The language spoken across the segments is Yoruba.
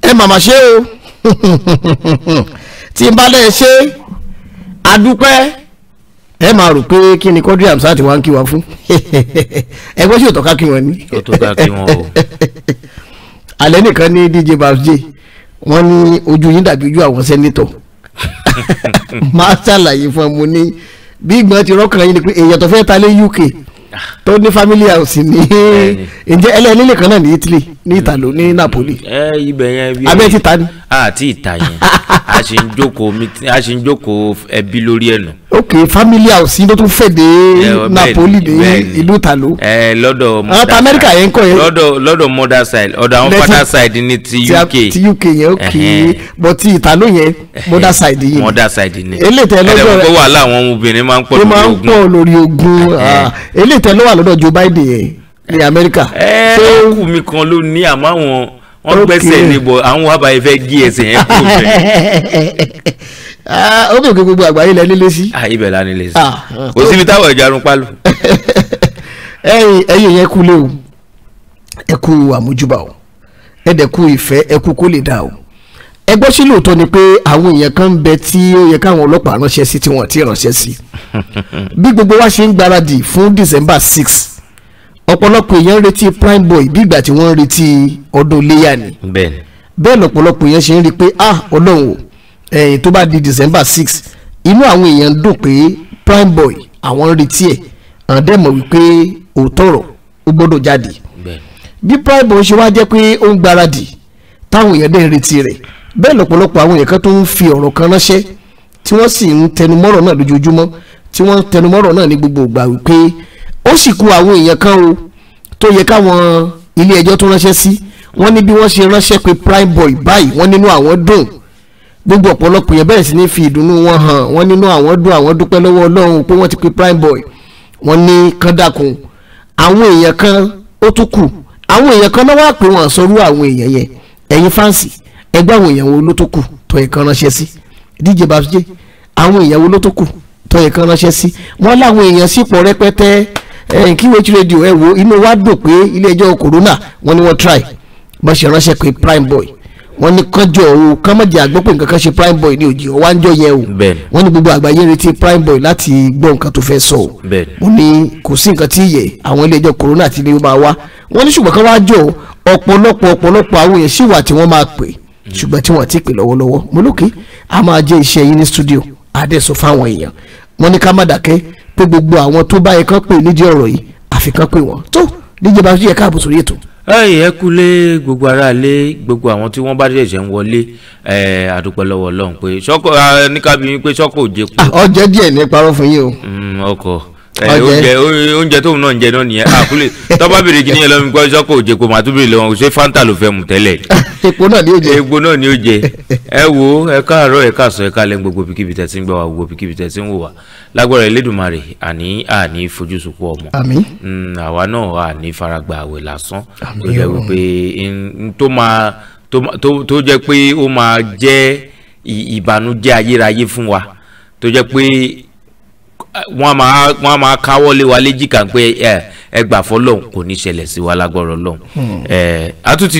ẹ màmá ṣe o tí n bá lẹ̀ ṣe adúpẹ́ ẹ máa rò pé kí ni Quadri Hamzat wá ń kí wa fún ẹgbẹ́ ṣètò ká kí wọn ni alẹ́ nìkan ní DJ babs j wọ́n ní ojú yín dàbí ojú àwọn sẹ́nitọ̀ máa ṣàlàyé fún ẹ ní bí ìgbọ́n ti rọ́kàn yín ni pé èèyàn tó fẹ́ ta lé UK tó ní family house ní ǹjẹ́ ẹlẹ́ni nìkan náà ní Italy ní Italo ní Napoli. ẹ ibẹ̀ yẹn bí abẹ́ ti ta ni. a ti ta yẹn a sì ń jókòó a sì ń jókòó ẹbí lórí ẹ̀nà. ok family house ló tún fẹ̀ de eh, Napoli de ìlú talo. ẹ eh, lọ́dọ̀ ah, mother side America yẹn kọ́ yẹn. lọ́dọ̀ lọ́dọ̀ mother side ọ̀dọ̀ àwọn father side ni ti UK. ti UK yẹn ok but ti Italo yẹn mother side yìí. mother side ni. eléyìí lọ́dọ̀ rẹ wàhálà àwọn obìnrin máa ń pọ̀ lórí ogun. ó máa ń pọ̀ lórí ogun ah, eléyìí lọ́wọ́ lọ́dọ̀ Joe Biden yẹn ní America. Eh, ẹ ẹ ọkùnrin kan ló ní àmọ́ àwọn wọ́n gbẹ́sẹ̀ níbo àwọn wàá báyìí fẹ́ gé ẹsẹ̀ yẹn kúrò bẹ́ẹ̀. Ah, ó bèèrè gbogbo àgbáyé lẹ nílé sí. Ah, ibẹ̀ la nílé sí ah, kò síbi táwọn ìjà arun pálù. ẹ̀yin ẹ̀yin yẹn kú lé o ẹ kú àmójúbà o ẹ dẹ̀ kú ìfẹ́ ẹ kú kó lè dà o ẹ gbọ́ sí lóòótọ́ ni pé àwọn èèyàn kan ń bẹ tí ó yẹ káwọn ọlọ́pàá ránṣẹ́ sí tí wọ́n ti ránṣẹ́ sí bí gbogbo wa ṣe ń gbáradì fún December six ọ̀pọ̀lọpọ̀ èèyàn ń retí prime boy bí ìgbà tí wọ́n ń retí ọdún iléyà ni bẹ́ẹ̀ lọ̀pọ̀lọpọ̀ èèyàn ṣe ń rí i pé ah ọlọ́run o ẹ̀yìn eh, tó bá di december six inú àwọn èèyàn ń dùn pé prime boy àwọn ń retí ẹ̀ àwọn dẹ̀ mọ̀ wípé òótọ́ ọ̀rọ̀ ó gbọ́dọ̀ jáde bí prime boy ṣe wá jẹ́ pé ó ń gbáradì táwọn èèyàn dẹ̀ ń retí rẹ̀ bẹ́ẹ̀ lọ̀pọ̀lọpọ̀ àwọn èèyàn kan tó ń fi ọ̀rọ̀ kan ránṣẹ́ tí wọ́n sì ń tẹnumọ́rọ̀ náà lójoojúmọ́ tí wọ́n tẹnumọ́rọ̀ náà ní gbogbo ìgbà wípé ó sì ku àwọn èèyàn kan o tó yẹ káwọn ilé ẹjọ́ tó ránṣẹ́ sí wọ́n ní bí wọ́n ṣe ránṣẹ́ pé prime boy báyìí wọ́n nínú àwọn dùn gbogbo ọ̀pọ̀lọpọ̀ yẹn bẹ̀rẹ̀ sí ní fi ìdùnnú wọn hàn wọ́n nínú àwọn dùn àwọn dúpẹ́ lọ́wọ́ ọlọ́run pé wọ́n ti pe prime boy wọ́n ní kọ́dàkùn àwọn èèyàn kan ó tún kù àwọn èèyàn kan náà wà pé wọ́n àsọrú àwọn èèyàn yẹn ẹ̀yin fáǹsì ẹgbẹ́ àwọn èèyàn wo ló tó kù tó yẹ kan ránṣẹ́ sí DJ Babsy àwọn èèyàn wo ló tó kù tó yẹ kan ránṣẹ́ sí wọ́n láwọn èèyàn sípò rẹpẹtẹ QH radio ẹ wo inú wa dùn pé ilé ẹjọ́ corona wọ́n ní wọ́n try bá ṣe ránṣẹ́ pé prime boy wọ́n ní kánjọ o kán má jẹ́ àgbọ́ nǹkan kan ṣe prime boy ní òjì ọwá ń jọ yẹ o wọ́n ní gbogbo àgbáyé retí prime boy láti gbọ́ nǹkan tó fẹ́ sọ o mo ní kò sí nǹkan tí yẹ àwọn ilé ẹjọ́ corona àti ilé máa wá wọ́n ní ṣùgbọ́n kán wá jọ ọ̀pọ̀lọpọ̀ ọ̀pọ̀lọpọ̀ àwọn èèyàn sì wà tí wọ́n máa pè mm. ṣùgbọ́n tí wọ́n ti pè lọ́wọ́lọ́wọ́ mo lókè a máa jẹ́ iṣẹ́ yín ní studio adẹ́sọ fáwọn èèyàn wọ́n ní pé gbogbo àwọn tó bá yẹ kán pè nídìí ọ̀rọ̀ yìí àfi kán pè wọ́n tó díje bá yẹ káàbọ̀ sórí ètò. ẹyìn ẹ kú lé gbogbo ara lé gbogbo àwọn tí wọ́n bá dé ẹsẹ ń wọlé ẹ àdúpẹ́ lọ́wọ́ Ọlọ́run pé sọkọ níkàbí pé sọkọ ò jẹ pé. ọjẹ díẹ̀ ní parọ́ fún yín o. Mm, ọkọ oúnjẹ oúnjẹ tóun náà ń jẹ náà nìyẹn àkúlẹ̀ tọ́ba bèrè kí ni ẹ lọ́mú gbọ́dọ̀ sọ́kò òjè kò bèrè lọ́wọ́ ṣé fanta ló fẹ́ mu tẹ́lẹ̀. epo náà ni ó jẹ epo náà ni ó jẹ ẹ wo ẹ káàárọ̀ ẹ káàsán ẹ káàlẹ́ gbogbo bíkíbi tẹ̀sí ń gbà wá gbogbo bíkíbi tẹ̀sí ń wò wá lágbára Elédùmarè àní àní fojú sunkún ọmọ àmín hmm, àwa náà àní faragbà àwẹ̀ lásán tó jẹ́ wípé tó máa tó jẹ́ pé ó máa jẹ́ ìbànújẹ́ ayérayé fún wa tó jẹ́ pé wọ́n máa wọ́n máa káwọ́ lé wa léjìká pé ẹ ẹ gbà fọlọ́n kò ní ṣẹlẹ̀ sí wa lágbára Ọlọ́run hmm.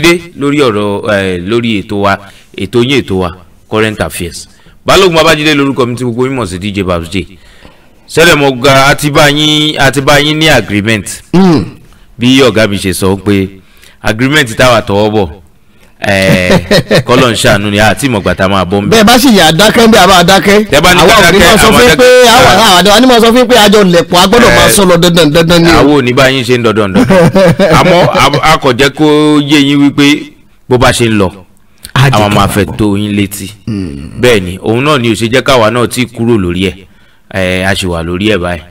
ẹ lórí ọ̀rọ̀ lórí ètò wa ètò yín ètò wa current affairs Balógun Babájídé lórúkọ mi tí gbogbo mímọ̀ sí DJ Babs J sẹlẹmọgà àtibáyín àtibáyín ní agreement hmm. bí ọ̀gá mi ṣe sọ pé agreement táwa tọwọ́ bọ̀ eh, kọlọ̀ ń ṣàánú ni àti ìmọ̀gbà tá a máa bọ́ ń bẹ̀. bẹ́ẹ̀ bá sì yà dákẹ́ ń bẹ́ àbá dákẹ́ àwọn òní máa sọ fún pé àwọn àdáni máa sọ fún pé àjọ lẹ̀pọ̀ agbọ́dọ̀ máa sọ lọ dandan dandan ni. àwọn òní báyìí ṣe ń dandan dandan àmọ́ akọ̀jẹ́ kó yé yín wípé bó bá ṣe ń lọ àwọn máa fẹ́ tó yín létí hmm. bẹ́ẹ̀ ni òun náà ni ó náà ti kúrò lórí ẹ̀ ẹ a ṣì wà lórí ẹ báyìí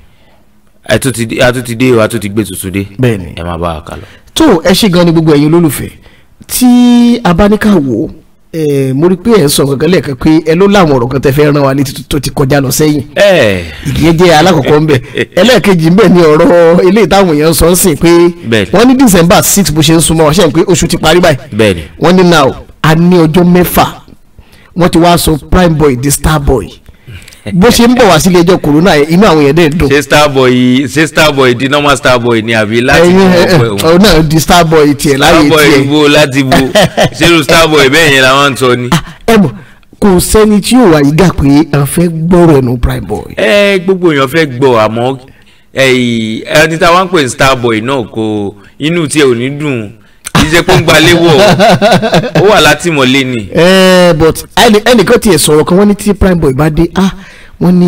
a tún ti dé a tún ti dé a tún ti gbé tuntun dé bẹ́ẹ̀ni ẹ máa bá a kà lọ. tó ẹ ṣe gan ni gbogbo ẹ̀yin olólùfẹ́ tí a bá ní ká wò ó mo rí pé ẹ ń sọ kankan lẹ́ẹ̀kan pé ẹ ló láwọn ọ̀rọ̀ kan tẹ fẹ́ ràn wá létí tó ti kọjá lọ sẹ́yìn ìyẹn jẹ́ alákọ̀ọ́kọ́ ńbẹ ẹlẹ́ẹ̀kejì ńbẹ ni ọ̀rọ̀ eléyìí táwọn èèyàn sọ ń sìn pé wọ́n ní December six bó ṣe ń súnmọ́ ọ̀ṣẹ́ pé oṣù ti parí báyìí wọ́n ní now a ní ọjọ́ mẹ́fà wọ́n ti wá sọ prime boy the star boy bó ṣe ń bọ̀ wá sílé ẹjọ́ corona inú àwọn èèyàn dẹ̀ dùn. ṣé starboy ṣé starboy di normal starboy ni àbí láti mú ọpẹ òun. òun náà di starboy tiẹ̀ láyé tiẹ̀. starboy ibo láti bo ṣé starboy bẹ́ẹ̀ yẹn làwọn ń sọ ni. Ah, ẹ bọ̀ kò sẹ́ni tí yóò wá yìí pé a fẹ́ gbọ́rọ̀ ẹnu prime boy. ẹ gbogbo èèyàn fẹ́ gbọ́ àmọ́ ẹni táwọn ń pè starboy náà kò inú tiẹ̀ ò ní dùn ṣe pé ń gba léwọ̀ ó wà látìmọ́lé ni. ẹ eh, but ẹnìkan tiẹ̀ sọ̀rọ̀ kan wọ́n ní tí prime boy bá dé ah wọ́n ní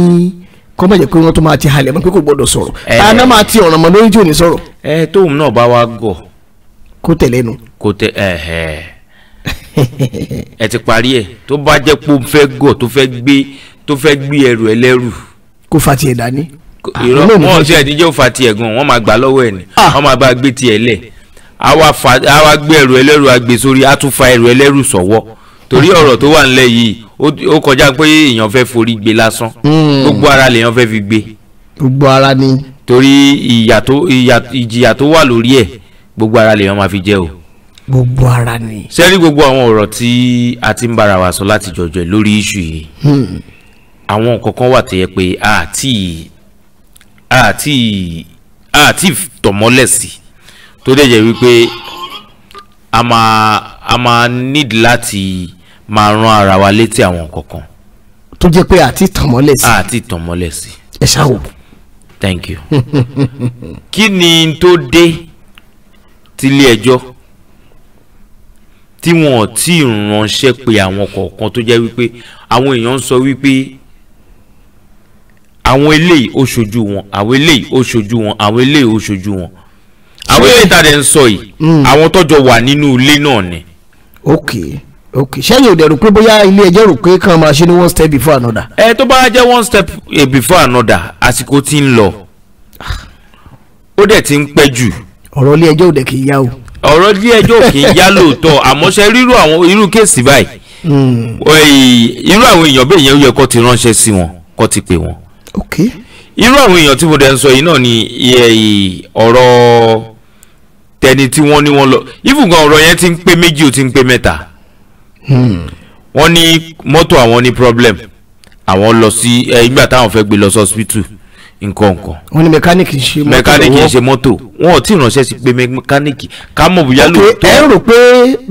kọ́ mẹ́jẹ̀ pé wọ́n tó máa ti halẹ̀ mọ́ pé kò gbọ́dọ̀ sọ̀rọ̀ eh. àná máa ti ọ̀ràn mọ́ lórí tí ò ní sọ̀rọ̀. ẹ eh, tóun náà bá wa gọ̀. kó tẹ̀lé nu. kó tẹ ẹ ẹ ẹ ti parí ẹ tó bá jẹ́ pé ó fẹ́ gọ̀ tó fẹ́ gbé tó fẹ́ gbé ẹrù ẹlẹ́rù. kó fa tiẹ̀ dání. irọ́ ah, wọn ò tiẹ̀ níjẹ́ ó fa tiẹ̀ gan wọ́n máa gbà lọ́wọ́ ẹ̀ ni ah. wọ́n máa bá gbé tiẹ̀ lẹ̀ àwa fa àwa gbé ẹrù ẹlẹ́rù agbè sórí a tún fa ẹrù ẹlẹ́rù sọ́wọ́ torí ọ̀rọ̀ tó wà nílẹ̀ yìí ó kọjá pé èèyàn fẹ́ forí gbé lásán hmm. gbogbo ara lèèyàn fẹ́ fi gbé. gbogbo ara ni. torí ìyà tó ìjìyà tó wà lórí ẹ̀ gbogbo ara lèèyàn máa fi jẹ o. gbogbo ara ni. sẹ́rí gbogbo àwọn ọ̀rọ̀ tí a ti ń bára wa sọ láti jọjọ lórí iṣu yìí hmm. àwọn nǹkan wà tó yẹ pé àti àti àti tọ̀mọ́lẹ̀ sí tó dẹ̀ jẹ́ wípé a máa a máa need láti máa rán ara wa létí àwọn nǹkan tó jẹ́ pé àti tànmọ́lẹ̀ sí. àti tànmọ́lẹ̀ sí. ẹ ṣáwò. thank you. kí ni tó dé tilé ẹjọ́ tí wọn ò tí ì ránṣẹ́ pé àwọn kọ̀ọ̀kan tó jẹ́ wípé àwọn èèyàn ń sọ wípé àwọn eléyìí ó ṣojú wọn àwọn eléyìí ó ṣojú wọn àwọn eléyìí ó ṣojú wọn àwọn èyí tá a dẹ̀ ń sọ yìí mm. àwọn tọ́jọ wà nínú ilé náà ni. ok ok sẹ́yìn òde rò pé bóyá ilé ẹjọ́ rò pé kàn máa ṣe ní one step before another. ẹ tó bá jẹ́ one step eh, before another àsìkò tí ń lọ ó dẹ̀ ti ń pẹ́ jù. ọ̀rọ̀ ilé ẹjọ́ òde kì í yá o. ọ̀rọ̀ ilé ẹjọ́ òkè ń yá lóòótọ́ àmọ́ ṣe rírú àwọn irú kéèsì báyìí mm. irú àwọn èèyàn bẹ́ẹ̀ yẹn ó yẹ kó ti ránṣẹ́ sí wọn kó ti pè wọ́n. ok irú àwọn èèyàn tí mo dẹ̀ ń sọ yìí náà ni eh, ọ̀rọ̀ tẹni tí wọ́n ní wọ́n lọ ìfúngan ọ̀rọ̀ yẹn ti ń pé méjì ó ti ń pé mẹ́ta hmm. wọ́n ní mọ́tò àwọn ní problem àwọn lọ sí ẹ ìgbà táwọn fẹ́ gbé lọ sí hospital nǹkan nǹkan. wọ́n ní mẹkáníìkì ń ṣe mọ́tò mẹkáníìkì ń ṣe mọ́tò wọn ò tí ì ránṣẹ́ sí pé mẹkáníìkì ká mọ̀ bóyá ló tó. ẹ rò pé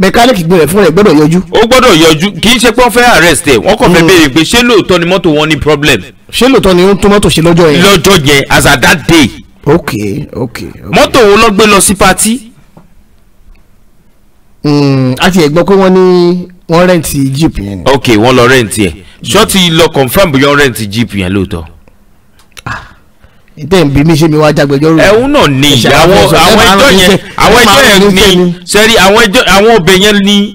mẹkáníìkì gbẹ̀rẹ̀ fún rẹ̀ gbọ́dọ̀ yọjú. ó gbọ́dọ̀ yọjú kì í ṣe pé wọ́n fẹ́ arrest ẹ̀ wọ́n kàn fẹ́ hmm. béèrè pé ṣé lóòótọ́ ni mọ́tò wọn ní problem. ṣé lóòótọ́ ni ó ń tún mọ́tò ṣe lọ́jọ́ yẹn. lọ́jọ́ yẹn as at that day ok ok. mọ́tò wo ló gbé lọ sí patí. Hmm, a ti ẹ̀ gbọ́ pé wọ́n ní wọ́n rẹ́ǹtì jeep yẹn ni. ok wọ́n lọ rẹ́ǹtì ẹ̀ ṣọ́ọ̀tì lọ confam bóyá wọ́n rẹ́ǹtì jeep yẹn lóòótọ́ ah, tẹ́ ń bí mi ṣe mi wá jágbẹjọ́rò. ẹ̀hún náà ni àwọn ẹjọ́ yẹn àwọn ẹjọ́ yẹn ni sẹ́rí àwọn ẹjọ́ àwọn ọbẹ̀ yẹn ni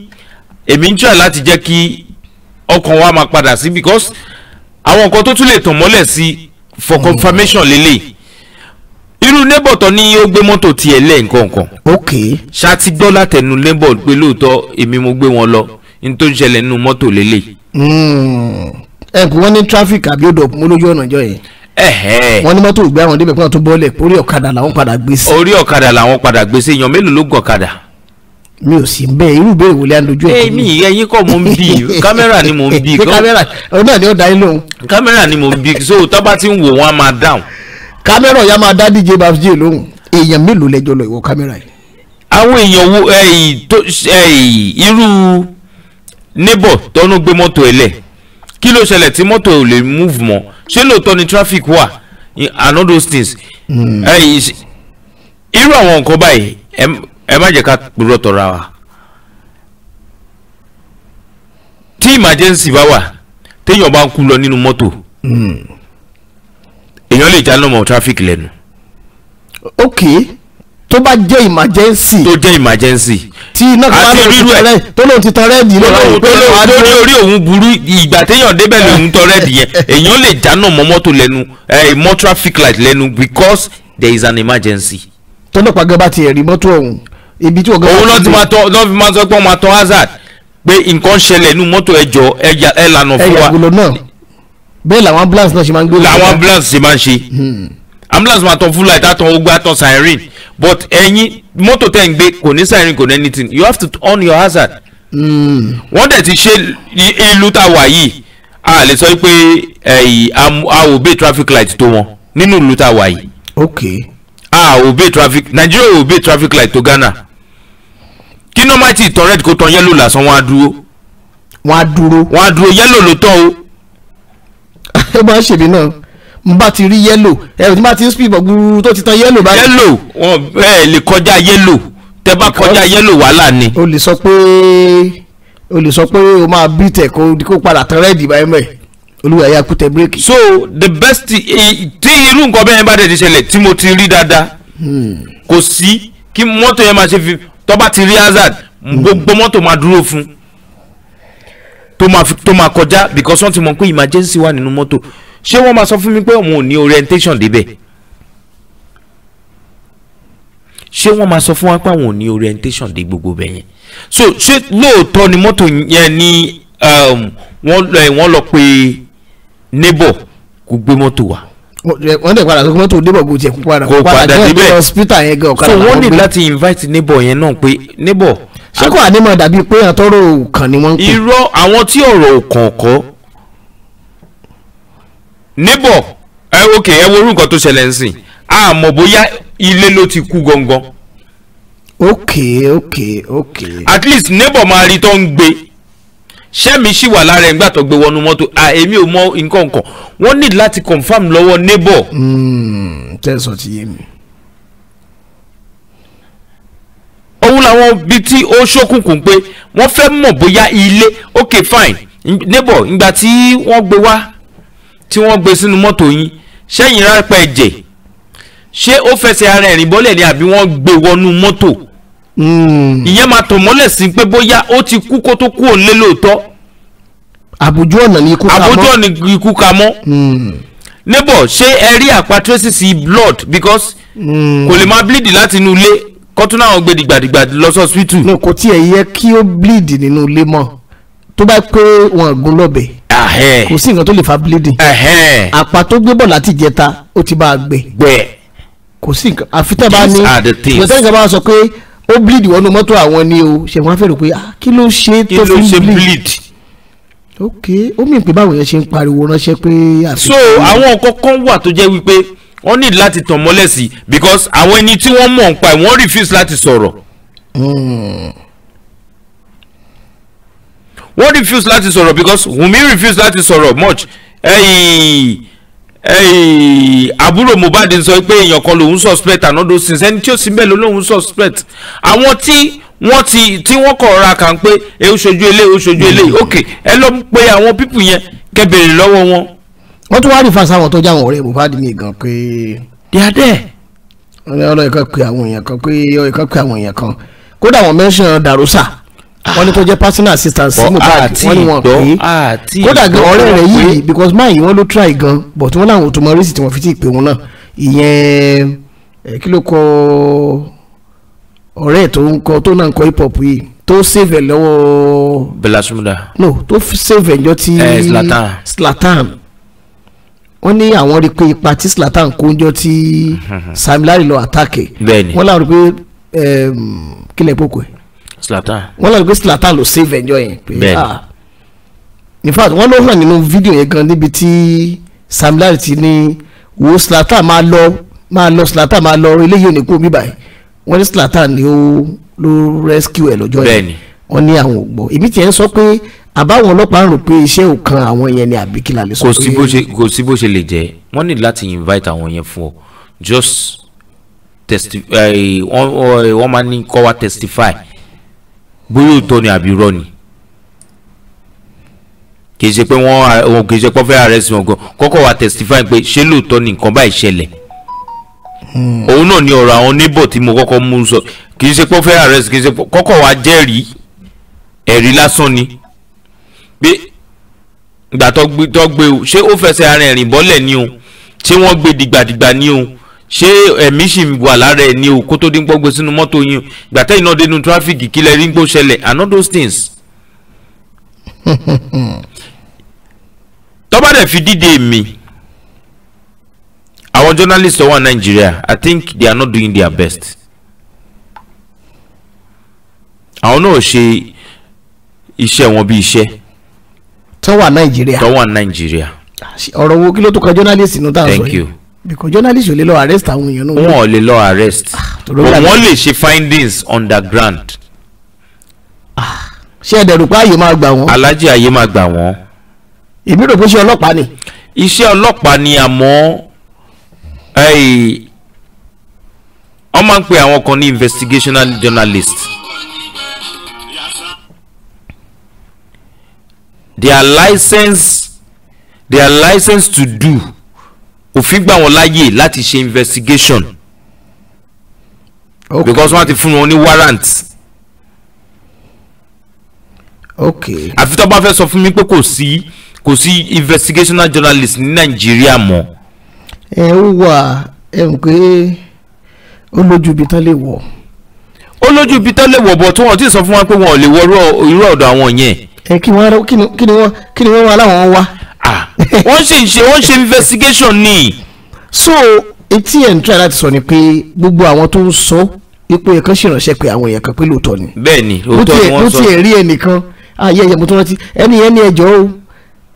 èmi ń tíra láti jẹ́ kí ọkàn wa máa padà sí because àwọn nǹkan tó tún lè tàn mọ́lẹ̀ sí for hmm. confirmation lélẹ̀ irú neighbor tó ní ó gbé mọ́tò tiẹ̀ lẹ́ẹ̀kankan. ok. ṣáàtì gbọ́ látẹnu neighbor pé lóòótọ́ èmi mo gbé wọn lọ ní tó ń ṣẹlẹ̀ nínú mọ́tò lélẹ̀. Hmm. ẹ kò wọ́n ní traffic àbí odò mú lójú ọ̀nà ìjọ yẹn. wọ́n ní mọ́tò ìgbé àwọn débẹ̀ kí wọ́n tó bọ́ọ̀lẹ̀ orí ọ̀kadà làwọn padà gbé sí. orí ọ̀kadà làwọn padà gbé sí èèyàn mélòó ló gùn ọ̀kadà. mi ò sí bẹ́ẹ̀ irú ìbéèrè ni mo ń bí. kámẹ́rà ọ̀nà ni ni mo ń bí so tó wò wọ́n kámẹ́rà ya máa dá díje babs j lóhùn èèyàn mélòó lẹ́jọ́ lọ ìwọ kámẹ́rà yìí. àwọn èèyàn wo tó irú neighbor tọ́nú gbé mọ́tò ẹ̀ lẹ̀ kí ló ṣẹlẹ̀ tí mọ́tò ò lè move mọ́ ṣé lóòótọ́ ni traffic wà and all those things. Hmm. irú àwọn nǹkan báyìí ẹ má jẹ́ ká purọ́ tọ́ra wa tí emergency bá wà téèyàn bá ń kú lọ nínú mọ́tò. Hmm èèyàn lè jáná mọ́ traffic lẹ́nu. ok tó bá jẹ́ emergency. tó jẹ́ emergency. tí iná kan bá lóun ti tọrẹ tó lóun ti tọrẹ di lọ́wọ́ pé wàá dúró. lórí orí òun burú ìgbà téèyàn débẹ̀ lòun tọrẹ di yẹn èèyàn lè jáná mọ́ mọ́tò lẹ́nu mọ́ traffic light lẹ́nu because there is an emergency. tọ́lọ́pàá gẹ́gẹ́ bá ti ẹ̀rí mọ́tò ọ̀hún ibi tí ọ̀gá wa ti dé. òun náà ti máa tọ́ náà fi máa sọ pé wọ́n máa tọ́ hazard pé nǹkan ṣẹlẹ̀ nínú mọ́tò ẹjọ́ ẹ lànà fún wa bẹ́ẹ̀ làwọn ambulance náà ṣe máa ń gbé. làwọn ambulance ṣe máa ń ṣe hmm. ambulance máa tọ full light àtọ ogbó àtọ siren but ẹ̀yin mọ́tò tẹ̀ ń gbé kò ní siren kò ní anything you have to on your hazard. Hmm. wọ́n dẹ̀ ti ṣe ìlú tá a wà yìí a lè sọ pé a ò bẹ́ẹ̀ traffic light tó wọn nínú ìlú tá a wà yìí. ok. a ò bẹ́ẹ̀ traffic Nigeria ò bẹ́ẹ̀ traffic light tó Ghana kí nọ́ọ̀mà tí ìtọ́ red kó tan yẹ́lò lásán wọ́n á dúró. wọ́n á dúró. wọ́n á dúró yẹ́lò ló tán o ẹ máa ń ṣèbí náà n bá ti rí yẹ́lò ẹ ti bá ti ń speed bọ̀ tó ti tan yẹ́lò báyìí. yẹ́lò wọn ẹ lè kọjá yẹ́lò tẹ bá kọjá yẹ́lò wàhálà ni. o lè sọ pé o lè sọ pé o máa bí tẹ kó kó padà tán rẹ́ẹ̀dì báyìí mọ̀ ẹ́ olúwa ẹ̀yà kú tẹ bírèkì. so the best tí irú nǹkan bẹ́ẹ̀ bá dẹ̀ ti ṣẹlẹ̀ tí mo ti rí dáadáa hmm. kò sí kí mọ́tò yẹn máa ṣe fi tó bá ti rí hazard hmm. gbogbo mọ́tò máa dúró fún un tó máa tó máa kọjá because wọ́n ti mọ̀ pé emergency wà nínú mọ́tò ṣé wọ́n máa sọ fún mi pé òun ò ní orientation débẹ̀ ṣé wọ́n máa sọ fún wa pé àwọn ò ní orientation dé gbogbo bẹ̀ yẹn so ṣé lóòótọ́ ni mọ́tò yẹn ni um, eh, wọ́n lọ pé neighbor kò gbé mọ́tò wá eh, wọ́n dẹ̀ padà sọ pé mọ́tò débọ̀ kò tiẹ̀ kó padà kó padà débẹ̀ hospital yẹn gan ọ̀kadà so wọ́n ní láti invite neighbor yẹn náà pé neighbor ṣé kò ànímọ̀ dàbí pé àtọ́rọ̀ òkàn ni wọ́n ń pè. irọ́ àwọn tí ọ̀rọ̀ òkàn kọ́ níbọ̀ ẹ ok ẹ wo orúkọ tó ṣẹlẹ̀ ń sìn a bóyá ilé ló ti kú gangan. ok ok ok. at least níbọ̀ máa rí tó ń gbé ṣẹ́mi ṣì wà lára ẹ̀ ń gbà tó gbé wọnú mọ́tò à èmi ò mọ nǹkan kan wọ́n ní láti confam lọ́wọ́ níbọ̀. Hmm, tẹ̀sán ti yé mi. òun làwọn ibi tí ó ṣókùnkùn pé wọ́n fẹ́ mọ̀ bóyá ilé ok fine neighbor ìgbà tí wọ́n gbé wá tí wọ́n gbé sínú mọ́tò yín ṣẹ́yìn rápẹ́ ẹ̀jẹ̀ ṣé ó fẹsẹ̀ ara ẹ̀rìn bọ́lẹ̀ ni àbí wọ́n gbé wọnú mọ́tò hmm. ìyẹn máa tàn mọ́lẹ̀ sí pé bóyá ó ti kú kó tó kú òun lé lóòótọ́ àbójú ọ̀nà ni ikú ka mọ́ àbójú ọ̀nà ni ikú ka mọ́ hmm. neighbor ṣé ẹ rí àpá tracy blood because hmm. kò lè máa bleed láti inú ilé kọ́tún àwọn gbé dìgbàdìgbà lọ sọ́sìbítù. no kò tiẹ̀ yẹ kí ó bleed nínú ilé mọ́ tó bá pé wọn gún lọ́bẹ̀ kò sí nǹkan tó lè fa bleeding àpá tó gbé bọ̀ láti jẹta ó ti bá a gbẹ kò sí nǹkan àfi bá ní ìgbésẹ̀ nǹkan bá sọ pé ó bleed wọnú mọ́tò àwọn ni o ṣẹ̀wọ́n á pé ah, kí ló ṣe tó fi bleed ok ó mì pé báwo yẹn ṣe ń pariwo ránṣẹ́ pé. so àwọn nǹkan kan wà tó jẹ́ wípé wọ́n need láti tàn mọ́lẹ̀ sí because àwọn ẹni tí wọ́n mọ̀ nípa ẹ̀ wọ́n refuse láti sọ̀rọ̀. Hmm. wọ́n refuse láti sọ̀rọ̀ because Wunmi refuse láti sọ̀rọ̀ much ẹ̀yìn ẹ̀yìn àbúrò Mohbad sọ pé èèyàn kan lòun suspect another since ẹni tí ó sì bẹ́ẹ̀ ló lòun suspect àwọn tí wọ́n ti tí wọ́n kọ̀ ra kàn pé ẹ ó ṣojú eléyìí ó ṣojú eléyìí hmm. ok ẹ lọ pe àwọn pípù yẹn kẹ́ béèrè lọ́wọ́ wọn wọ́n tún wá rí fasa àwọn tó jáwọn ọ̀rẹ́ Mohbad mi gan pé they are there wọ́n ní ọlọ́yìn kan pé àwọn èèyàn kan pé ọyìn kan pé àwọn èèyàn kan kódà wọ́n mention Darosa wọ́n ní kó jẹ́ personal assistant sí Mohbad wọ́n ní wọ́n pé kódà gan ọ̀rẹ́ rẹ̀ yìí because máa yìí wọ́n ló try gan but wọ́n láwọn ò tún mọ rísì tí wọ́n fi tí ì pé wọn náà ìyẹn kí ló kọ ọ̀rẹ́ tó ń kọ tó náà ń kọ hip hop yìí tó save ẹ̀ lọ́wọ́ Bella no tó save ẹ̀ njọ́ ti Slatan. Eh, wọ́n ní àwọn rí i pé ipa tí Zlatan kó ń jọ tí Sam Larry lọ àtàkè wọ́n láwọn rí pé kílẹ̀ pòkò ẹ̀ wọ́n láwọn rí pé Zlatan ló save ẹ̀jọ́ yẹn pé ah in fact wọ́n ló hàn nínú fídíò yẹn gan níbi tí Sam Larry ti ní wo Zlatan máa lọ máa lọ Zlatan máa lọ eléyìí ò ní kó bíbà yìí wọ́n ní Zlatan ni ó ló rescue ẹ̀ lọ́jọ́ yẹn wọ́n ní àwọn ò gbọ́ èmi tiẹ̀ ń sọ pé àbáwọn ọlọ́pàá ń rò pé iṣẹ́ ò kan àwọn yẹn ni àbí kí la lè sọ pé. kò sí bó ṣe lè jẹ́ wọ́n ní láti invite àwọn yẹn fún ọ just testify eh, wọ́n máa ní kọ́ wa testify bóyá òótọ́ ni àbí irọ́ ni kì í ṣe pé wọ́n kì í ṣe pé wọ́n fẹ́ arrest wọn gan kọ́kọ́ wa testify pé ṣé lóòótọ́ ni nǹkan báyìí ṣẹlẹ̀ hmm. òun náà ni ọ̀rọ̀ àwọn neighbor tí mo kọ́kọ́ mú sọ kì í ṣe pé wọ́n fẹ́ arrest kì í ṣe kọ́kọ́ wa jẹ́rìí ẹ̀rí lásán ni. Hmm pé ìgbà tó gbé tó gbé o ṣé ó fẹsẹ̀ ara ẹ̀rìn bọ́lẹ̀ ni o ṣé wọ́n gbé dìgbàdìgbà ni o ṣé ẹ̀mí sì wà lára ẹ̀ ni o kó tó dín pọ́ gbé sínú mọ́tò yín o ìgbà tẹ́yìn náà dénú tráfíkì kí rí gbó ṣẹlẹ̀ and all those things. tọ́ba dẹ̀ fi dídé mi àwọn journalists tó wà Nàìjíríà I think they are not doing their best. àwọn náà ṣe iṣẹ́ wọn bí iṣẹ́ tó wà nàìjíríà. tó wà nàìjíríà. ọ̀rọ̀ wo kí ló tó kan journalist nù tá a sọ yìí. thank you. because journalist ò lè lọ arrest àwọn èèyàn náà. wọn ò lè lọ arrest. Ah, but wọ́n lè ṣe findings underground. Ah, ṣé ẹ dẹ̀rù pé ààyè máa gbà wọ́n. alájí ààyè máa gbà wọ́n. èmi rò pé iṣẹ́ ọlọ́pàá ni. iṣẹ́ ọlọ́pàá ni àmọ́ wọ́n máa ń pe àwọn kan ní investigational journalist. they are licensed they are licensed to do òfin gbà wọ́n láàyè láti ṣe investigation okay. because wọ́n ti fún wọn ní warrant. okay. àfi tó bá fẹ́ sọ fún mi pé kò sí kò sí investigational journalist ní nàìjíríà mọ́. ẹ ó wà ẹ ń pé ó lójú ibi tán lè wọ̀. ó lójú ibi tán lè wọ̀ bọ̀ tí wọ́n ti sọ fún wa pé wọn ò lè wọ irú ọ̀dọ̀ àwọn yẹn ẹ eh, kí wọ́n rẹ kí ni wọ́n kí ni wọ́n wá láwọn wá. Ah, wọ́n ṣe ìṣe wọ́n ṣe investigation ni. so etí ẹ̀ ń try láti sọ ni pé gbogbo àwọn tó ń sọ ipò ẹ̀kan ṣèrànṣẹ́ pé àwọn èèyàn kan pé lóòótọ́ ni. bẹ́ẹ̀ni lóòótọ́ ni wọ́n sọ bó tiẹ̀ rí ẹnìkan ayé ah, ẹyẹ mo tún rántí ẹni ẹni ẹjọ́ o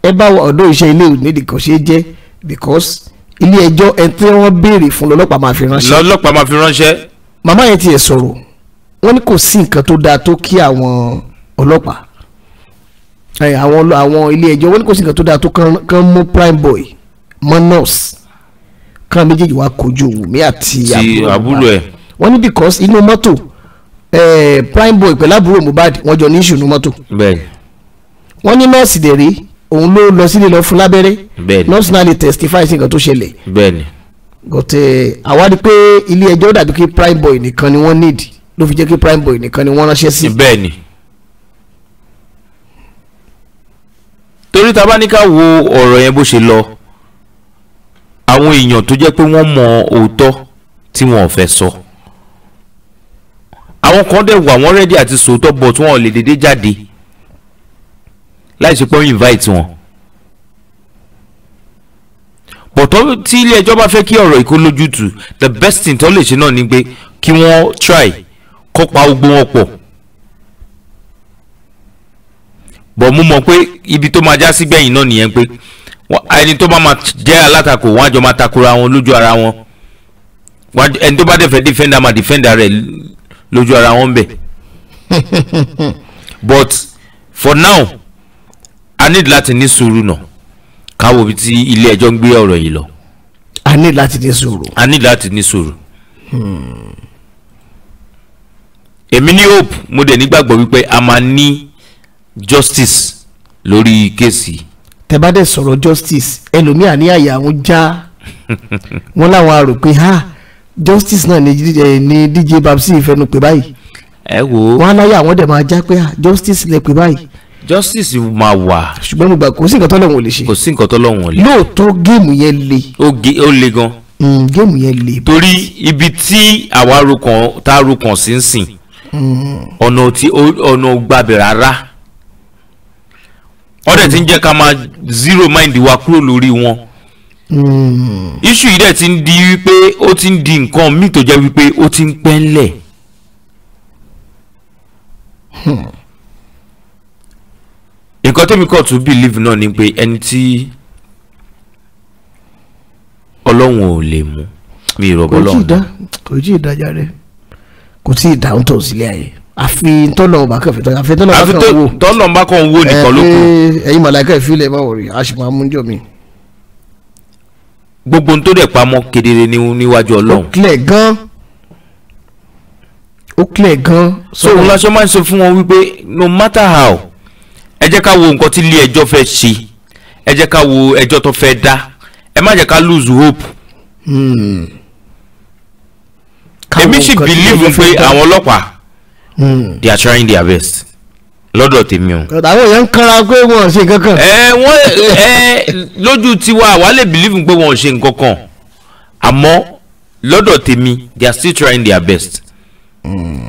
ẹ bá ọ̀dọ́ iṣẹ́ ilé òní nìkan ṣe jẹ́ because ilé ẹjọ́ ẹ tí wọ́n béèrè fún lọ́lọ́pàá máa fi ránṣẹ́. lọ́lọ́pàá máa fi ránṣẹ́. màmá yẹn tiẹ̀ sọ̀rọ̀ wọ́n ní kò sí nǹkan tó dáa tó kí àwọn ọlọ́pàá àwọn àwọn ilé ẹjọ́ wọ́n ní kò sí nǹkan tó dáa tó kàn mú prime boy monos kàn méjèèjì wá kojú Wùmí àti àbúrò ẹ̀ wọ́n ní because inú mọ́tò prime boy pẹ̀lú àbúrò Mohbad wọ́n jọ ní ìṣù inú mọ́tò wọ́n ní nọ́ọ̀sì dẹ̀rẹ́ òun ló lọ sílé lọ fún lábẹ́rẹ́ nọ́ọ̀sì náà lè testify sí nǹkan tó ṣẹlẹ̀ gọ̀tẹ̀ àwárí pé ilé ẹjọ́ dàbí kí prime boy nìkan ni wọ́n need ló fi jẹ́ kí prime boy nìkan ni wọ́n ránṣẹ́ sí. bẹ́ẹ̀ni torí ta bá ní ká wo ọ̀rọ̀ yẹn bó ṣe lọ àwọn èèyàn tó jẹ́ pé wọ́n mọ òótọ́ tí wọ́n fẹ́ sọ àwọn kan dẹ̀ wà wọ́n rẹ́dí àti sòótọ́ bọ̀ tí wọ́n lè dédé jáde láì ṣe pé wọ́n invite wọn bọ̀tọ́ tí ilé ẹjọ́ bá fẹ́ kí ọ̀rọ̀ ìkó lójútùú the best thing tó lè ṣe náà ni pé kí wọ́n try kó pa gbogbo wọn pọ̀. bọ̀ mo mọ̀ pé ibi tó máa já sí gbẹ̀yìn náà nìyẹn pé ẹni tó bá máa jẹ́ alátakò wọ́n á jọ máa takora wọn lójú ara wọn ẹni tó bá dẹ̀ fẹ́ defender máa defender rẹ̀ lójú ara wọn bẹ̀ but for now I need lati ni suru náà káwo bí tí ilé ẹjọ́ ń gbé ọ̀rọ̀ yìí lọ. a need lati ni suru. I need lati ni suru. Hmm. èmi ní hope mo dẹ̀ nígbàgbọ́ wípé a máa ní justice lórí kéèsì. tẹ́bádẹ́ sọ̀rọ̀ justice ẹlòmíà ní àyà àwọn já wọn láwọn arò pé ha justice náà ni DJ Babsi ìfẹnu pè báyìí. ẹ wo wọn aláya àwọn dẹ̀ máa já pé ha justice lẹ pè báyìí. justice máa wà. ṣùgbọ́n mo gbà kò sí nǹkan tọ́lọ́hún ò lè ṣe. kò sí nǹkan tọ́lọ́hún ò lè. lóòótọ́ géèmù yẹn le. ó ge ó le gan. Mm, géèmù yẹn le. torí ibi tí àwa rokàn tá a sí ń sìn mm. ọ̀nà tí ọ̀nà gbàbẹ̀ rárá wọ́n dẹ̀ ti ń jẹ́ ká máa zero mind wa kúrò lórí wọn. Hmm. issue yìí dẹ̀ ti ń di wípé ó ti ń di nǹkan míì tó jẹ́ wípé ó ti ń pẹ́ ńlẹ̀. Hmm. nǹkan tèmi kọ̀ tún believe náà ni pé ẹni tí ọlọ́run ò lè mú mi ìrọ̀bọ̀ lọ́run. kò tí ì dá kò tí ì dá jáde kò tí ì dá ń tọ̀ sílé ayé àfi tọ́lọ̀ ọba kan fìtọ́ àfi tọ́lọ̀ ọba kan wò tọ́lọ̀ ọba kan wò nìkan ló kù. ẹyin màláìka ìfilẹ̀ máa wọ̀rì àṣìmọ̀ amújọ mi. gbogbo n tó dẹ̀ pamọ́ kedere níwájú ọlọ́run. ó kílẹ̀ gan-an ó kílẹ̀ gan-an. so òun lásán máa ń sọ fún wọn wípé no matter how ẹ jẹ́ ká wo nǹkan tí ilé ẹjọ́ fẹ́ ṣe ẹ jẹ́ ká wo ẹjọ́ tó fẹ́ dá ẹ má jẹ́ ká lose hope. Hmm. èmi sì believe pé àwọn ọlọ́pàá Hmm. they are trying their best lọ́dọ̀ tèmi o. àwọn èèyàn ń kanra pé wọn ò ṣe nǹkan ẹ wọn ẹ lójú tiwa àwa lè believe pé wọn ò ṣe nǹkan kan lọ́dọ̀ tèmi they are still trying their best. Hmm.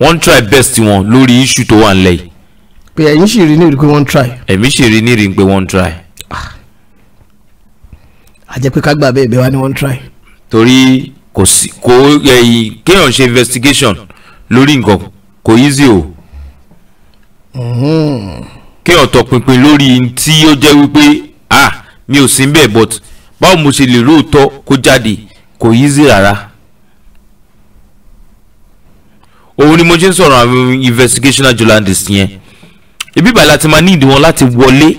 wọ́n ń try best wọn lórí issue tó wà nílẹ̀ yìí. pé ẹ̀yin sì rí ní ìrìn pé wọ́n try. ẹ̀mí sì rí ní ìrìn pé wọ́n try. àjẹpẹ́ ah. ká gbà bẹ́ẹ̀ bẹ́ẹ̀ wá ni wọ́n try. torí kò sí kò ẹ̀yìn kéèyàn ṣe investigation lórí nǹkan kò easy o mm-hmm. kéèyàn tọpinpin lórí tí ó jẹ́ wípé ah mi ò sí ń but báwo mo ṣe lè róòótọ́ kó jáde kò easy rárá òun ni mo ṣe ń sọ̀rọ̀ àwọn investigational journalist yẹn ibi ìbàlẹ̀ àti máa ní ìdíwọ̀n láti wọlé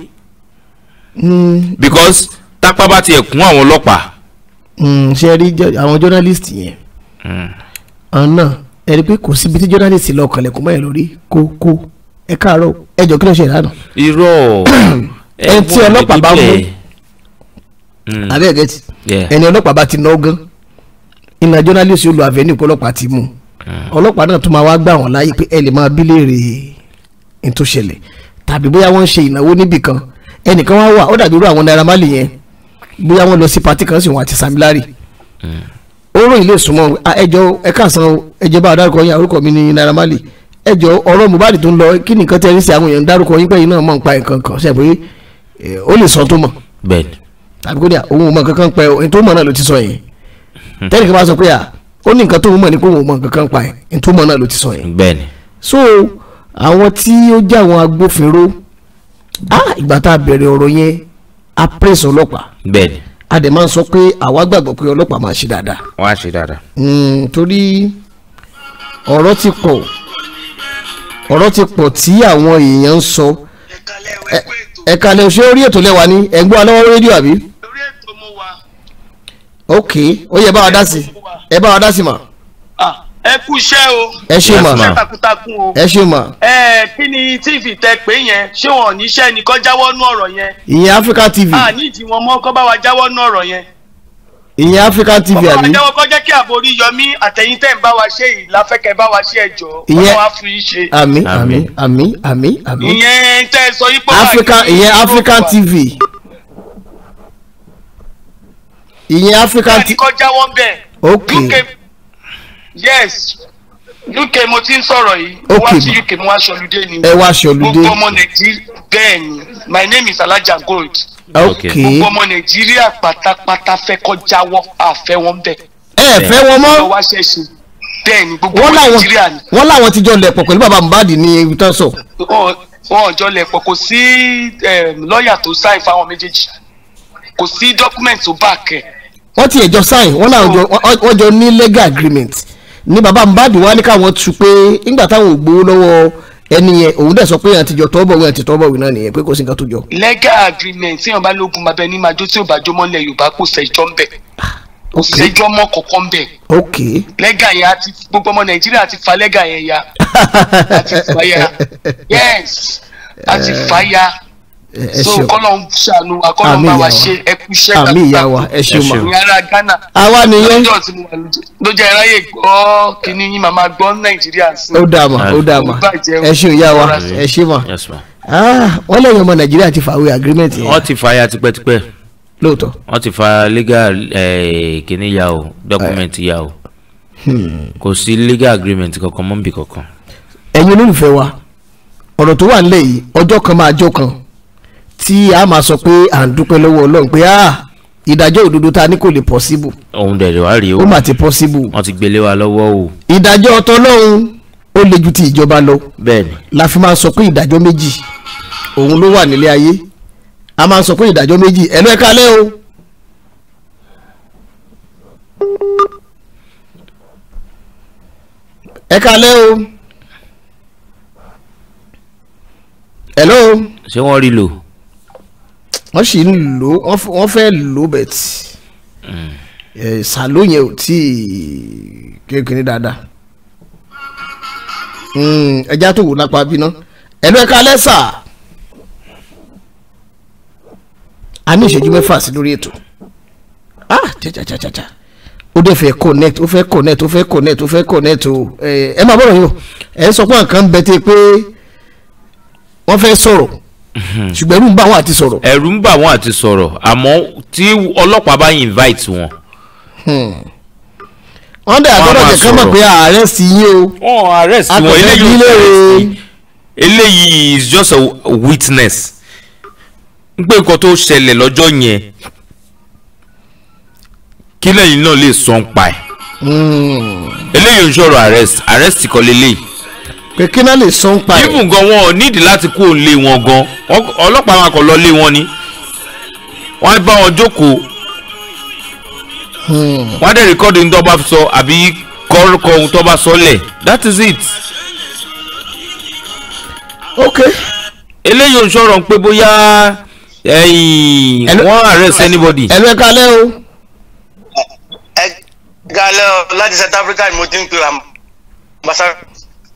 mm. because tápá bá tiẹ̀ kún àwọn ọlọ́pàá Mm, ṣe rí àwọn journalist yẹn mm. ọ̀nà ẹni pé kò síbi tí journalist lọ kànlẹ̀kùn mọ́ ẹ̀ lórí kó kó ẹ káàárọ̀ ẹ jọ kí ló ṣe ìlànà. irọ́ ẹni tí ọlọ́pàá bá mú mm. abẹ́ẹ̀gẹ́ ti ẹni ọlọ́pàá bá ti ná ogán iná journalist olú avenue kó ọlọ́pàá ti mú ọlọ́pàá náà tún máa wá gbà wọ́n láàyè pé ẹ lè máa bí léèrè ní tàbí bóyá wọ́n ṣe ìnáwó níbì ẹnìkan wá wà ó dàbí irú àwọn Naira Marley yẹn bóyá wọ́n lọ sí pati kan sí wọn àti samilari ó ròyìn lè súnmọ́ ah, ẹjọ́ ẹ káàsán ẹjẹ́ bá dárúkọ yín orúkọ mi ní Naira Marley ẹjọ́ ọ̀rọ̀ Mohbad tó ń lọ kí nìkan tẹ́ ẹ ní sí àwọn èèyàn dárúkọ yín pẹ́yìn náà mọ̀ nípa nǹkan kan ṣe pé eh, ó lè sọ tó mọ̀ bẹ́ẹ̀ni tàbí kó ní àwọn ah, òun mọ̀ kankan pẹ́ ohun tó mọ̀ náà ló ti sọ yẹn tẹ́lẹ̀ kí n bá sọ pé à ah, ó ní nǹkan tó mọ̀ ní kó òun mọ̀ kankan pa ẹ̀ tó mọ̀ náà ló ti sọ yẹn bẹ́ẹ̀ni so àwọn tí ó jẹ́ àwọn agbófinró ah ìgbà tá a bẹ̀rẹ̀ ọ̀rọ̀ yẹn a praise ọlọ́pàá. a dẹ̀ máa ń sọ pé àwa gbàgbọ́ pé ọlọ́pàá máa ṣe dáadáa. wọ́n á ṣe dáadáa. Hmm, torí ọ̀rọ̀ ti pọ̀ ọ̀rọ̀ ti pọ̀ tí àwọn èèyàn ń sọ ẹ̀ka lè ṣe orí ètò lẹ́wà ní ẹ̀gbọ́n aláwọ̀ rédíò àbí. orí ètò mo wà. ok ó yẹ bá dá sí ẹ bá dá sí mà. ah ẹ kú iṣẹ́ o ẹ ṣe mọ̀ ẹ takuntakun o ẹ ṣe mọ̀. ẹ kí ni tv tẹ pé yẹn ṣé wọn ò ní iṣẹ́ ni kọ́ jáwọ́ nú ọ̀rọ̀ yẹn. ìyẹn Africa TV. a ní ìdí wọn mọ́ kọ́ bá wa jáwọ́ nú ọ̀rọ̀ yẹn. ìyẹn Africa TV àbí. bàbá wa kọ́ jẹ́ kí àborí yọmí àtẹ̀yìn tẹ̀ ń bá wa ṣe yìí láfẹ́kẹ́ bá wa ṣe ẹ̀jọ́ ọ̀rọ̀ wa fún yín ṣe. àmín àmín àmín àmín ìyẹn tẹ TV ìyẹn Africa TV. ìyẹn yes uk mo ti ń sọ̀rọ̀ yìí mo wá sí uk mo wá ṣọlùdé ni ẹ wá ṣọlùdé gbogbo ọmọ nàìjíríà bẹ́ẹ̀ ni my name is alhaja gold gbogbo ọmọ nàìjíríà pátápátá fẹ́ kọ́ jáwọ́ àfẹ́ wọn bẹ́ẹ̀. ẹ fẹ́ wọn mọ́. lọ́wọ́ ṣẹ̀ṣẹ̀ bẹ́ẹ̀ ni gbogbo ọmọ nàìjíríà ni. wọ́n láwọn ti jọ lẹ̀pọ̀ pẹ̀lú bàbá mohbad ní ìtàn sọ. wọn jọ lẹ̀pọ̀ kò sí eh, lọ́ọ̀yà tó sáì fáwọn méjèèjì kò sí dọ́kúmẹ̀ntì tó bá kẹ̀. wọ́n ti ẹ̀jọ́ sáì wọ́n láwọn jọ ní legal agreement ní bàbá Mohbad wá ní káwọn tu pé nígbà táwọn ò gbowó lọ́wọ́ ẹni yẹn òun dẹ̀ sọ pé àtijọ́ tọ́bọ̀ wí àtijọ́ tọ́bọ̀ wí náà nìyẹn pé kò sí nǹkan tó jọ. legal agreement tí yàn bá lógun bàbá ẹni máa jó tí ò bá jó mọ́lẹ̀ Yorùbá kò sẹ́jọ́ ń bẹ̀ kò sẹ́jọ́ ah, mọ́ kọ̀ọ̀kan bẹ̀. ok legal yẹn àti gbogbo ọmọ Nàìjíríà ti fa legal yẹn ya àti fàyà yes àti fàyà ẹ ṣeun so kọlọ́n ṣàánú wa kọlọ́n bá wa ṣe ẹ kú iṣẹ́ kàkúkà àmì ìyá wa ẹ ṣeun ma ìyá ara Ghana àwa nìyẹn lọ́jọ́ tí mo wà ló jẹ́ ẹ̀ráyè gbọ́ kínní yín màmá gbọ́ Nàìjíríà sí. ó dà mà ó dà mà ẹ ṣeun ìyá wa ẹ ṣe mà ah, wọ́n lẹ́yìn ọmọ Nàìjíríà ti fàwé agreement yẹn. wọ́n ti fa ya tipẹ́tipẹ́ lóòótọ́ wọ́n ti fa legal kínní ya o document eh. ya o hmm. kò sí legal agreement kankan mọ́ nbì kankan. ẹ̀yin olólùfẹ́ wa ọ̀rọ̀ tó wà nílẹ̀ yìí ọjọ́ kan máa jó kan tí a máa sọ pé à ń dúpẹ́ lọ́wọ́ ọlọ́run pé ah ìdájọ́ òdodo ta ni kò lè possible. òun dẹ̀rẹ̀ wá rèé o ó mà ti possible. wọ́n ti gbélé wa lọ́wọ́ o. ìdájọ́ ọtọ́lọ́run ó le ju ti ìjọba lọ. bẹ́ẹ̀ni. la fi máa sọ pé ìdájọ́ méjì òun ló wà nílé ayé a máa sọ pé ìdájọ́ méjì ẹ̀lú ẹ̀ kalẹ́ o. ẹ kalẹ́ o. hello. ṣé wọ́n rí lò wọ́n sì ń lò wọ́n fẹ́ lò bẹ̀tì ṣàlò mm. yẹn ò tí kékeré dáadáa mm, ẹja tó wò lápá bíná ẹnu ẹ̀ka lẹ́sà a ní ìṣẹ́jú mẹ́fà sí lórí ètò ah jajajajaja ó dẹ̀ fẹ́ connect ó fẹ́ connect ó fẹ́ connect ó fẹ́ connect o ẹ máa bọ̀rọ̀ yìí o ẹ sọ pé nǹkan bẹ tẹ pé wọ́n fẹ́ sọ̀rọ̀ ṣùgbọ́n ẹ̀rù ń bà wọ́n àti sọ̀rọ̀. ẹ̀rù ń bà wọ́n àti sọ̀rọ̀ àmọ́ tí ọlọ́pàá bá invite wọn. Hmm. wọ́n dẹ̀ àtọ́dọ̀ jẹ́ ká mọ̀ pé ààrẹ sì yín o. wọn ààrẹ sì wọn eléyìí eléyìí is just a witness n pé nǹkan tó ṣẹlẹ̀ lọ́jọ́ yẹn kí lẹ́yìn náà lè sọ ń pa ẹ̀. Hmm. eléyìí ò ń ṣọ̀rọ̀ arrest arrest kọ́ lélẹ́yìí pé kí náà lè sún pa ẹ̀. ibùn gan wọn ò nídìí láti kó lé wọn gan ọlọ́pàá wọn kò lọ lé wọn ni wọ́n bá wọn jókòó hmm. wọ́n á dẹ̀ rìkọ́dù ní tó bá sọ àbí kọ́rọ́kọ́ ohun tó bá sọ lẹ̀ that is it. ok. eléyìí ò sọ̀rọ̀ ń pé bóyá wọ́n arrest anybody. ẹ̀lú ẹ̀ka alẹ́ o. ẹ̀ka alẹ́ o láti South Africa ni mo ti ń pè ambassador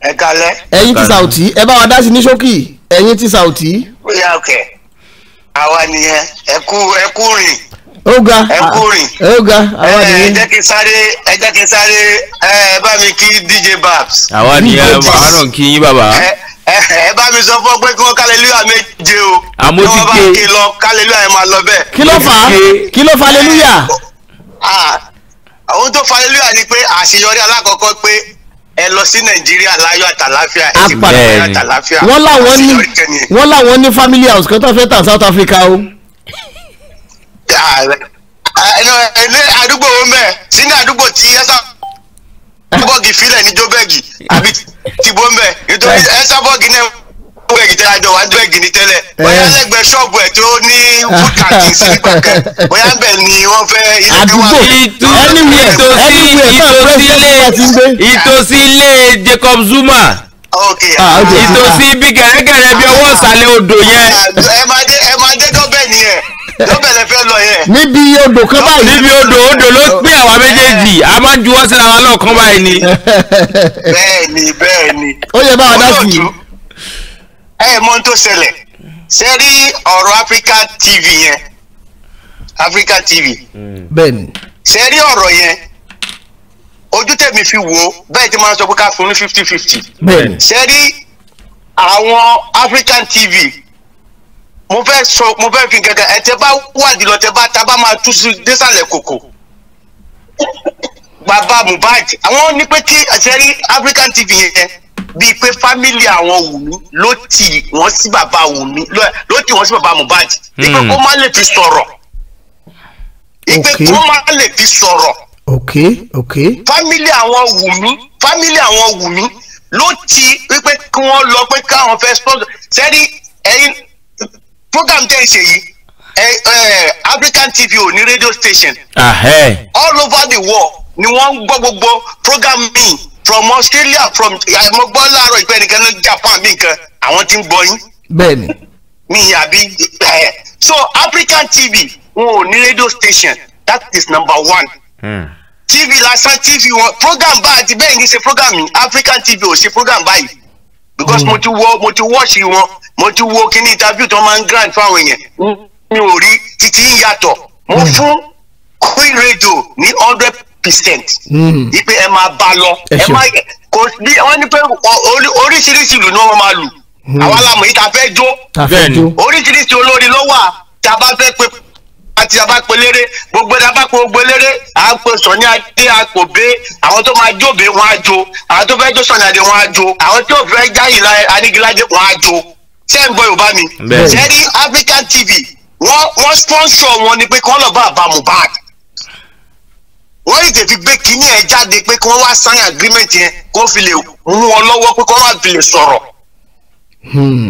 ẹ kalẹ. ẹ̀yin ti Saoty ẹ bá wa dá sí ní ṣókí ẹ̀yin ti Saoty. bóyá ọkẹ àwa nìyẹn ẹ kú ẹ kú rìn. ó ga ẹ kú rìn. ó ga àwa nìyẹn. ẹ jẹ́ kí sáré ẹ jẹ́ kí sáré ẹ bá mi kí DJ Babs. àwa nìyẹn àárọ̀ ń kí yín bàbá. ẹ bá mi sọ fún ọ pé kí wọ́n kálẹ̀lúyà méje o. àmọ́ ti ké kí wọ́n bá kí lọ kálẹ̀lúyà yẹn máa lọ bẹ́ẹ̀. kí ló fà á kí ló fà á lẹ́lúyà. ohun tó fà á lẹ́lúyà ni pé àṣeyọrí alákọ̀ọ́kọ́ pé ẹ lọ sí nàìjíríà láyọ̀ àtàláfíà ẹ ti padà láyọ̀ àtàláfíà wọn làwọn ní wọn làwọn ní family house kan tó fẹ́ tà south africa o. ní àdúgbò omẹ sí ní àdúgbò tí ẹsà bọ́ọ̀gì filẹ̀ ní jóbẹ́gì àbí tìbọ́mbẹ nítorí ẹsà bọ́ọ̀gì náà wẹ́ẹ̀gì tẹ́lẹ̀ àjọ wájú ẹ̀gì ní tẹ́lẹ̀ bóyá lẹ́gbẹ̀ẹ́ ṣọ́ọ̀bù ẹ̀ tó ní wúkàtì sí pàkẹ́ bóyá ń bẹ̀ ni wọ́n fẹ́ ilé tí wọ́n fi. àdúgbò ẹnìwé ìtòsílẹ̀ ìtòsílẹ̀ Jacob Zuma ah, ìtòsí ibi gẹ̀rẹ́gẹ̀rẹ́ bí ọwọ́ ìsàlẹ̀ odò yẹn. Ah, ẹ máa dé dọ́bẹ̀ nìyẹn dọ́bẹ̀ lẹ fẹ́ lọ yẹn. níbi odò kan báyìí. níbi odò odò ló gbé àwa méjèèjì a máa ń juwọ́ síra wa lọ́ọ̀kan báyìí ni. bẹ́ẹ̀ni bẹ́ẹ̀ni. ó yẹ báwa dá sí i ẹ mọ tó ṣẹlẹ̀ ṣe rí ọ̀rọ̀ Africa TV yẹn Africa TV bẹ́ẹ̀ni ṣe rí ọ̀rọ̀ yẹn ojú tèmi fi wò ó bẹ́ẹ̀ tí máa sọ pé ká fún ní fifty fifty bẹ́ẹ̀ni ṣe rí àwọn African TV mo fẹ́ sọ mo fẹ́ fi gẹ́gẹ́ ẹ tẹ bá wádìí lọ tẹ bá tá a bá máa tú sí désàlẹ̀ kòkò bàbá Mohbad àwọn ní pé tí àṣẹ rí African TV yẹn bíi pé fámìlì àwọn wùmí ló tì wọ́n sí bàbá wùmí ló tì wọ́n sí bàbá Mohbad ìpè hmm. kó má lè fi sọ̀rọ̀ ìpè kó má lè fi sọ̀rọ̀ fámìlì àwọn wùmí fámìlì àwọn wùmí ló ti wípé kí wọ́n lọ pé káwọn fẹ́ sponsor sẹ́ni ẹ̀yin program tẹ́ ẹ ṣe yìí African TV ò ní radio station Ah, hey. all over the world ni wọ́n ń gbọ́ gbogbo program mi from Australia from mo gbọ́ láàárọ̀ ìpẹ́ nìkan ní Japan bí nǹkan àwọn tí ń gbọ́ yín. bẹ́ẹ̀ni. mi àbí eh, so African TV wọn ò ní radio station that is number one. Mm. TV lásán TV wọn program báyìí àti bẹ́ẹ̀ ni ṣe program yìí African TV ò ṣe program báyìí because mm. mo ti wọ mo ti wọ́ọ̀ṣì wọn mo ti wo kíní interview tó máa ń grant fáwọn èèyàn mi ò rí títí yàtọ̀ mo hmm. fún Queen Radio ní hundred percent. Mm. ipe ẹ máa bá lọ ẹ máa kò bí wọ́n ní pé oríṣiríṣi ìlú ni wọ́n máa lù mm. àwa la mọ̀ yìí ta fẹ́ jó oríṣiríṣi olórin ló wà tá a bá fẹ́ pe àti tá a bá pe léré gbogbo tá a bá pe gbogbo léré à ń pe sọ̀ní adé àpòbé àwọn tó máa jóbe wọn á jó àwọn tó fẹ́ jó sọ̀ní adé wọn á jó àwọn tó fẹ́ jáyìí anigilájẹ wọn á jó ṣé ń gbọ́ yorùbá mi ṣé rí African TV wọ́n wọ́n sponsor wọn ni pé kí wọ́n lọ bá bá Mohbad wọ́n yìí tètè gbé kínní ẹ̀ jáde pé kí wọ́n wá sign agreement yẹn kó fi lè mú wọn lọ́wọ́ pé kó wá fi lè sọ̀rọ̀.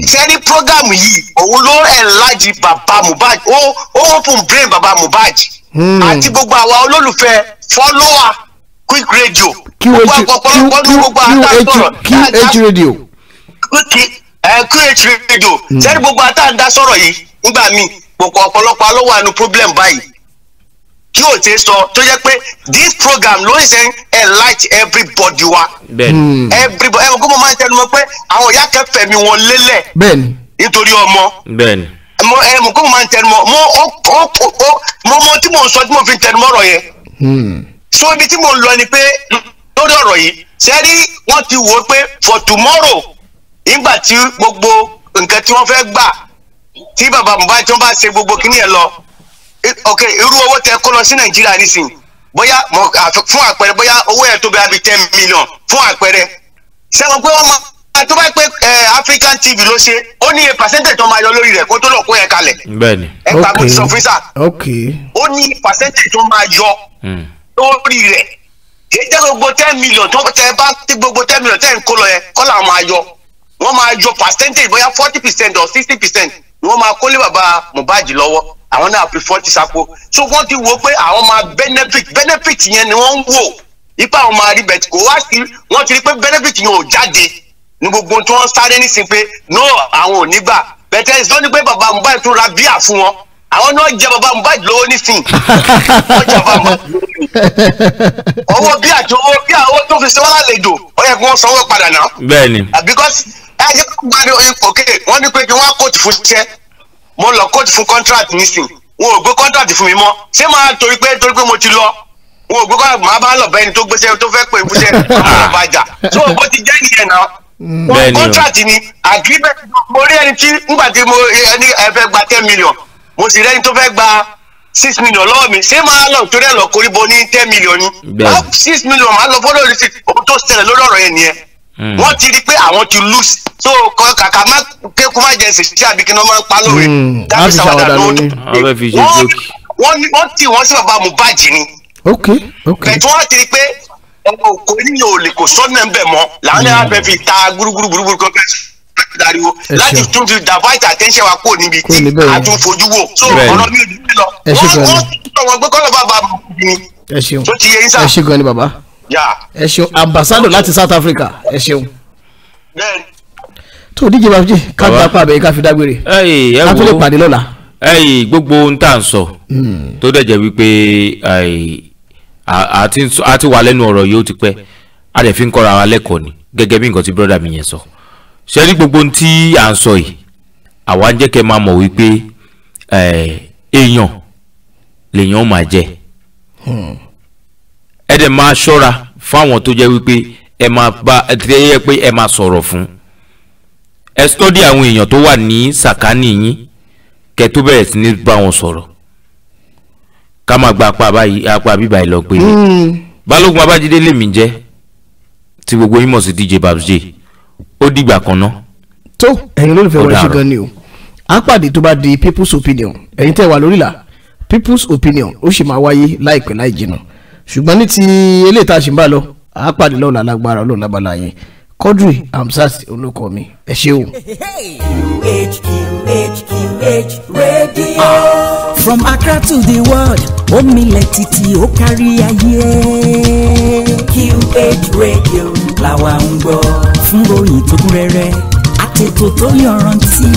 sẹ́rí hmm. program yìí òun ló enlarge bàbá Mohbad ó open brain bàbá Mohbad hmm. àti gbogbo àwa olólùfẹ́ fọ́lọ́wà quick radio gbogbo àpọ̀pọ̀lọpọ̀ ní gbogbo àtàkùrọ̀ qh radio qh radio sẹ́rí hmm. gbogbo àtàkùrọ̀ sọ̀rọ̀ yìí nígbà míì gbogbo ọ̀pọ̀lọpọ̀ ló wà ní problem báyìí tí ò ti sọ tó jẹ́ pé this program ló ń ṣe enlight everybody wa. bẹ́ẹ̀ni hmm. everybody ẹ̀wọ̀n kó mo máa ń tẹnu mọ́ pé àwọn ìyá kẹfẹ́ mi wọ́n lélẹ̀. bẹ́ẹ̀ni nítorí ọmọ. bẹ́ẹ̀ni mo ẹ mo kó mo máa ń tẹnu mọ́ mo ó ó mo mọ tí mo sọ tí mo fi ń tẹnu mọ́ ọ̀rọ̀ yẹn. Hmm. so ibi tí mo ń lọ ni pé lórí ọ̀rọ̀ yìí sẹ́rí wọ́n ti wò ó pé for tomorrow nígbà tí gbogbo nǹkan tí wọ́n fẹ́ gbà tí bàbá Mohbad tí wọ́n bá ṣe gbogbo kíní ẹ̀ lọ ok irú owó tẹ kó lọ sí nàìjíríà nísìnyí bóyá fún àpẹẹrẹ bóyá owó ẹ̀ tó bẹ́ẹ̀ bí ten million fún àpẹẹrẹ sẹ́wọ̀n pé wọ́n máa tó bá pé African TV ló ṣe ó ní iye percentage tó máa yọ lórí rẹ̀ kó tó lọ kó yẹ kalẹ̀ bẹ́ẹ̀ni ok ẹ̀ka bó ti sọ fún sà ó ní percentage tó máa yọ hmm. lórí rẹ̀ kìí jẹ́ gbogbo ten million tó tẹ bá ti gbogbo ten million tẹ̀ ń kó lọ yẹ kọ́ làwọn máa yọ wọ́n máa yọ percentage bóyá forty percent or sixty percent ni wọ́n máa kólé bàbá Mohbad lọ́wọ́ àwọn náà prefer ti sapo so wọ́n ti wo pé àwọn máa benefit benefit yẹn ni wọ́n ń wò ipa àwọn máa rí bẹ̀tì kò wá sí wọ́n ti rí pé benefit yẹn ò jáde ní gbogbo tí wọ́n sáré nísìnyí pé no àwọn ò ní gbà bẹ̀tẹ̀ ìsọ́ ni pé bàbá Mohbad tún ra bíà fún wọn àwọn náà jẹ bàbá Mohbad lówó nísìnyí wọ́n jẹ bàbá Mohbad lówó owó bíà tó owó bíà owó tó fi sẹ́wọ́n lálejò ó yẹ kí wọ́n sanwó padà náà. bẹ́ẹ̀ni. because ẹ jẹ́ kó gbádùn ipò kéè wọ́n ní pé kí wọ́n kóòtù fún iṣẹ́ mo lọ court fún contract nísìn wọn ò gbé contract fún mi mọ́ ṣé máa torí pé torí pé mo ti lọ wọn ò gbé contract máa bá lọ bẹ́ẹ̀ ni tó gbéṣẹ́ tó fẹ́ pè fúnṣẹ́ àwọn ọba àjà tó bó ti jẹ́ nìyẹn náà wọn mm. contract ni agreement mo rí ẹni tí nígbà tí mo ẹni ẹ fẹ́ gba ten million mo sì rẹ́ni tó fẹ́ gba six million lọ́wọ́ mi ṣé máa lọ torí ẹ̀ lọ koríbo ní ten million ni six million máa lọ fọ́lọ́ receipt ohun tó ṣẹlẹ̀ lórí ọ̀rọ̀ yẹn nìyẹn Hmm. wọ́n ti rí pé àwọn ti lose so kàkà má kékun má jẹ ṣèṣì tí àbíkí náà máa ń pa lóore dábì sàwádà lóde wọ́n ti wọ́n sí bàbá Mohbad ni bẹ̀tù wọ́n ti rí pé kò ní yóò lè kò sọ́nà ń bẹ̀ mọ́ làwọn yàrá fẹ́ hmm. fi ta gbúrúgbúrú gbúrúgbúrú kan fẹ́ dariwo láti tún fi divert attention wa kúrò níbi tí a tún fojú wò so ọ̀nà mi ò ní lọ wọ́n wọ́n ti sọ̀rọ̀ pé kọ́lọ́ bàbá mi ni tó ti yẹ yín sá. ẹ ṣe gan ni bàbá yà. ẹ ṣeun ambassador láti South Africa ẹ ṣeun. bẹ́ẹ̀ni. tó díje babaji ká gba apá abẹ́yẹ ká fi dágbére. ká tó lè pàdé lọ́la. gbogbo ohun tá à ń sọ hmm. tó dẹ̀ jẹ́ wípé a ti wà lẹ́nu ọ̀rọ̀ yìí ó ti pẹ́ a dẹ̀ fi ń kọ́ra wa lẹ́kọ̀ọ́ ni gẹ́gẹ́ bí nǹkan tí brọ́dà mi yẹn sọ ṣe rí gbogbo ohun tí à ń sọ yìí àwa ń jẹ́ kẹ́ máa mọ̀ wípé èèyàn lèèyàn máa jẹ́. Hmm ẹ dẹ̀ máa ṣọ́ra fáwọn tó jẹ́ wípé ẹ máa bá ẹ ti yẹ pé ẹ máa sọ̀rọ̀ fún ẹ sọ́dí àwọn èèyàn tó wà ní sàkání yín kẹ́ tó bẹ̀rẹ̀ sí ní bá wọn sọ̀rọ̀ ká máa gba apá báyìí apá bíbá ẹ lọ pé hmm. balógun abájídé lèmi jẹ́ tí gbogbo yín mọ̀ sí dj babs j ó dìgbà kan ná. tó ẹ̀yin olólùfẹ́ wọn ṣe gan ni o a pàdé tó bá di people's opinion ẹ̀yin tẹ́ wà lórílà people's opinion ó sì máa wáyé láìpẹ́ láì jìnnà ṣùgbọ́n ní ti eléyìí tá a ṣe ń bá lọ àá pàdé lọ́la lágbára ọlọ́run lábala yẹn Quadri Hamzat olóko mi ẹ ṣeun. QH QH QH radio. From Accra to the world ó milẹ̀ o ó aye. QH radio làwa ń gbọ́. fún ròyìn tó kún rẹ́rẹ́ àtètò tó yọrantí.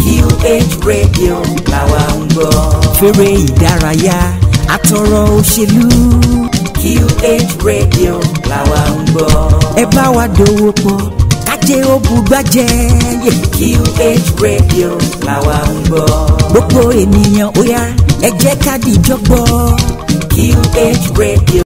QH radio làwa ń gbọ́. fèrè ìdárayá àtọ̀rọ̀ òṣèlú. QH Radio làwa ń gbọ́. ẹ bá wa dòwò pọ̀ kájé ó bùgbàjẹ́. QH Radio làwa ń gbọ́. gbogbo ènìyàn ó yá ẹ jẹ́ ká dìjọ́ gbọ́. QH Radio.